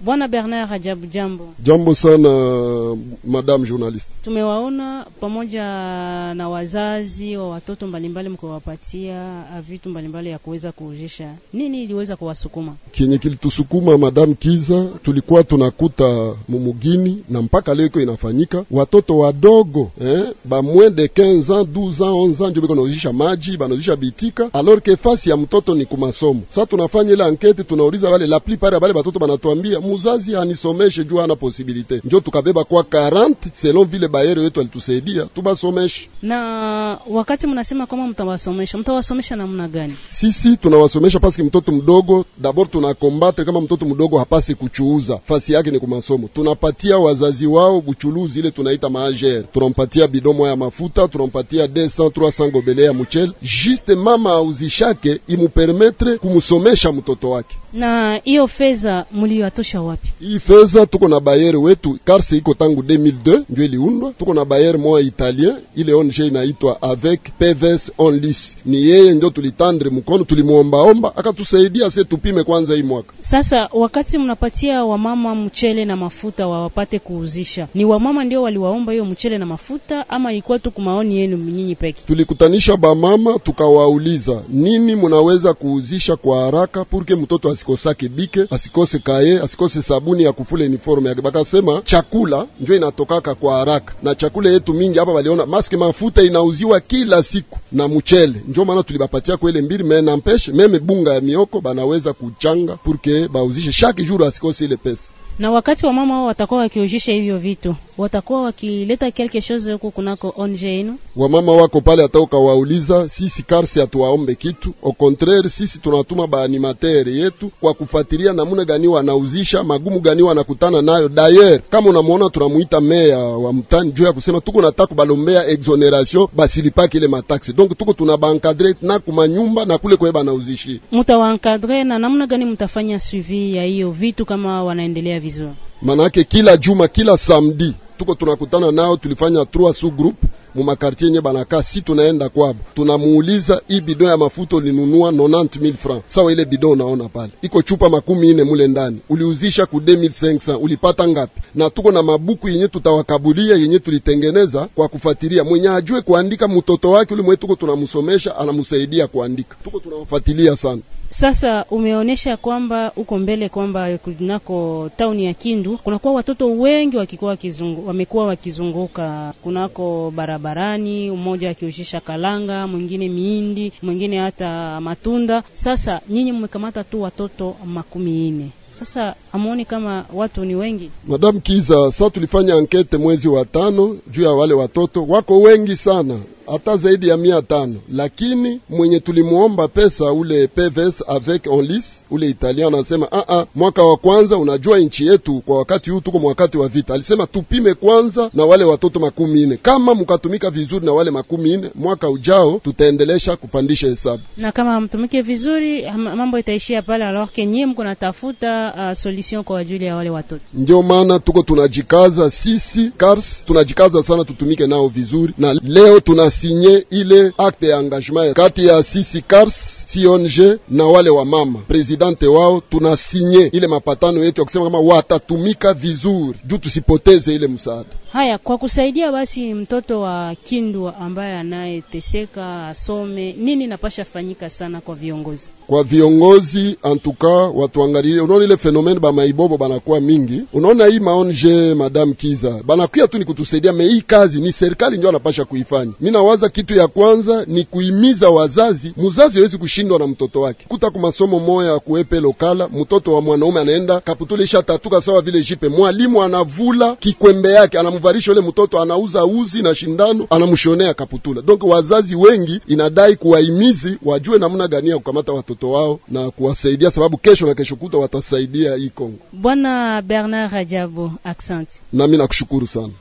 Bwana Bernard Ajabu, jambo. Jambo sana madam journalist. Tumewaona pamoja na wazazi wa watoto mbalimbali, mkiwapatia vitu mbalimbali ya kuweza kuujisha. Nini iliweza kuwasukuma? Kenye kilitusukuma madam Kiza, tulikuwa tunakuta mumugini na mpaka leo iko inafanyika watoto wadogo eh, ba moins de 15 ans 12 ans 11 ans ndio biko nauzisha maji, banauzisha bitika, alors que fasi ya mtoto ni kumasomo. Sasa tunafanya ile ankete, tunauliza wale la plupart ya wale watoto banatuambia muzazi anisomeshe juu ana posibilite, njo tukabeba kwa 40 selon vile bayero yetu alitusaidia tubasomeshe. Na wakati mnasema kama mtawasomesha, mtawasomesha namna gani? Sisi tunawasomesha paski mtoto mdogo dabor tunakombatre kama mtoto mdogo hapasi kuchuuza, fasi yake ni kumasomo. Tunapatia wazazi wao buchuluzi ile tunaita maager tunampatia bidomo ya mafuta, tunampatia 200 300 gobele ya muchele juste mama auzishake imupermetre kumusomesha mtoto wake na hiyo fedha mliyatosha wapi? Hii fedha tuko na bayere wetu karse iko tangu 2002 ndio iliundwa. Tuko na bayere moya italien, ile ONG inaitwa avec PVS onlis, ni yeye ndio tulitandre mkono, tulimwombaomba akatusaidia se tupime kwanza hii mwaka. Sasa wakati mnapatia wamama mchele na mafuta wawapate kuuzisha, ni wamama ndio waliwaomba hiyo mchele na mafuta ama ilikuwa tu kumaoni yenu nyinyi peke? Tulikutanisha bamama tukawauliza, nini munaweza kuuzisha kwa haraka purke mtoto asi asikosake bike, asikose kaye, asikose sabuni ya kufula uniforme yake. Bakasema chakula njo inatokaka kwa haraka, na chakula yetu mingi hapa waliona maske mafuta inauziwa kila siku na mchele, njo maana tulibapatia kwele mbili mpeshe meme bunga ya mioko banaweza kuchanga purke bauzishe shaki juru, asikose ile pesa na wakati wa mama wao watakuwa wakiujisha hivyo vitu, watakuwa wakileta quelque chose huko kunako ONG yenu. Wamama wako pale, hata ukawauliza, sisi karsi hatuwaombe kitu. Au contraire, sisi tunatuma baanimateri yetu kwa kufuatilia namna gani wanauzisha, magumu gani wanakutana nayo. Dayer kama unamwona, tunamuita meya wa mtani juu ya kusema tuko nataka kubalombea exoneration basilipaki ile mataksi, donc tuko tuna bankadre na kuma nyumba na kule kweba nauzishi, mutawaankadre na namna gani mtafanya suivi ya hiyo vitu kama wanaendelea vizuri. Manake kila juma kila samedi tuko tunakutana nao, tulifanya trois sous group mu makartier yenye banakaa, si tunaenda kwabo, tunamuuliza hii bidon ya mafuta ulinunua 90000 francs sawa? Ile bidon unaona pale iko chupa makumi ine mule ndani, uliuzisha ku 2500 ulipata ngapi? Na tuko na mabuku yenye tutawakabulia yenye tulitengeneza kwa kufatilia, mwenye ajue kuandika mtoto wake ule mwetu, tuko tunamsomesha, anamusaidia kuandika, tuko tunawafuatilia sana. Sasa umeonyesha kwamba uko mbele kwamba kunako tauni ya Kindu kunakuwa watoto wengi wakikuwa kizungu, wamekuwa wakizunguka kunako barabarani, mmoja akiushisha kalanga, mwingine miindi, mwingine hata matunda. Sasa nyinyi mmekamata tu watoto makumi ine. Sasa amuoni kama watu ni wengi, Madam Kiza? Sasa tulifanya ankete mwezi wa tano juu ya wale watoto, wako wengi sana hata zaidi ya mia tano, lakini mwenye tulimuomba pesa ule PVS avec onlis ule Italian anasema a ah, a, ah, mwaka wa kwanza, unajua nchi yetu kwa wakati huu tuko mwakati wa vita. Alisema tupime kwanza na wale watoto makumi nne, kama mkatumika vizuri na wale makumi nne, mwaka ujao tutaendelesha kupandisha hesabu, na kama mtumike vizuri mambo itaishia pale, alors que nyie mko natafuta uh, solution kwa ajili ya wale watoto. Ndio maana tuko tunajikaza sisi CARS tunajikaza sana, tutumike nao vizuri, na leo tuna sinye ile akte ya engagement kati ya sisi Cars CNG na wale wa mama presidente wao, tunasinye ile mapatano yetu ya kusema kama watatumika vizuri juu tusipoteze ile msaada. Haya, kwa kusaidia basi mtoto wa Kindu ambaye anayeteseka asome, nini napasha fanyika sana kwa viongozi kwa viongozi antuka watuangalie. Unaona ile fenomene ba maibobo banakuwa mingi, unaona hii maonje madam Kiza banakuya tu ni kutusaidia me, hii kazi ni serikali ndio anapasha kuifanya. Mimi nawaza kitu ya kwanza ni kuimiza wazazi. Mzazi hawezi kushindwa na mtoto wake, kuta ku masomo moya kuepe lokala, mtoto wa mwanaume anaenda kaputulisha tatuka sawa vile jipe, mwalimu anavula kikwembe yake anam anamuvalisha ule mtoto, anauza uzi na shindano, anamshonea kaputula. Donc wazazi wengi inadai kuwahimizi wajue namna gani ya kukamata watoto wao na kuwasaidia, sababu kesho na kesho kuta watasaidia hii Kongo. Bwana Bernard Rajabo, asante. Nami nakushukuru sana.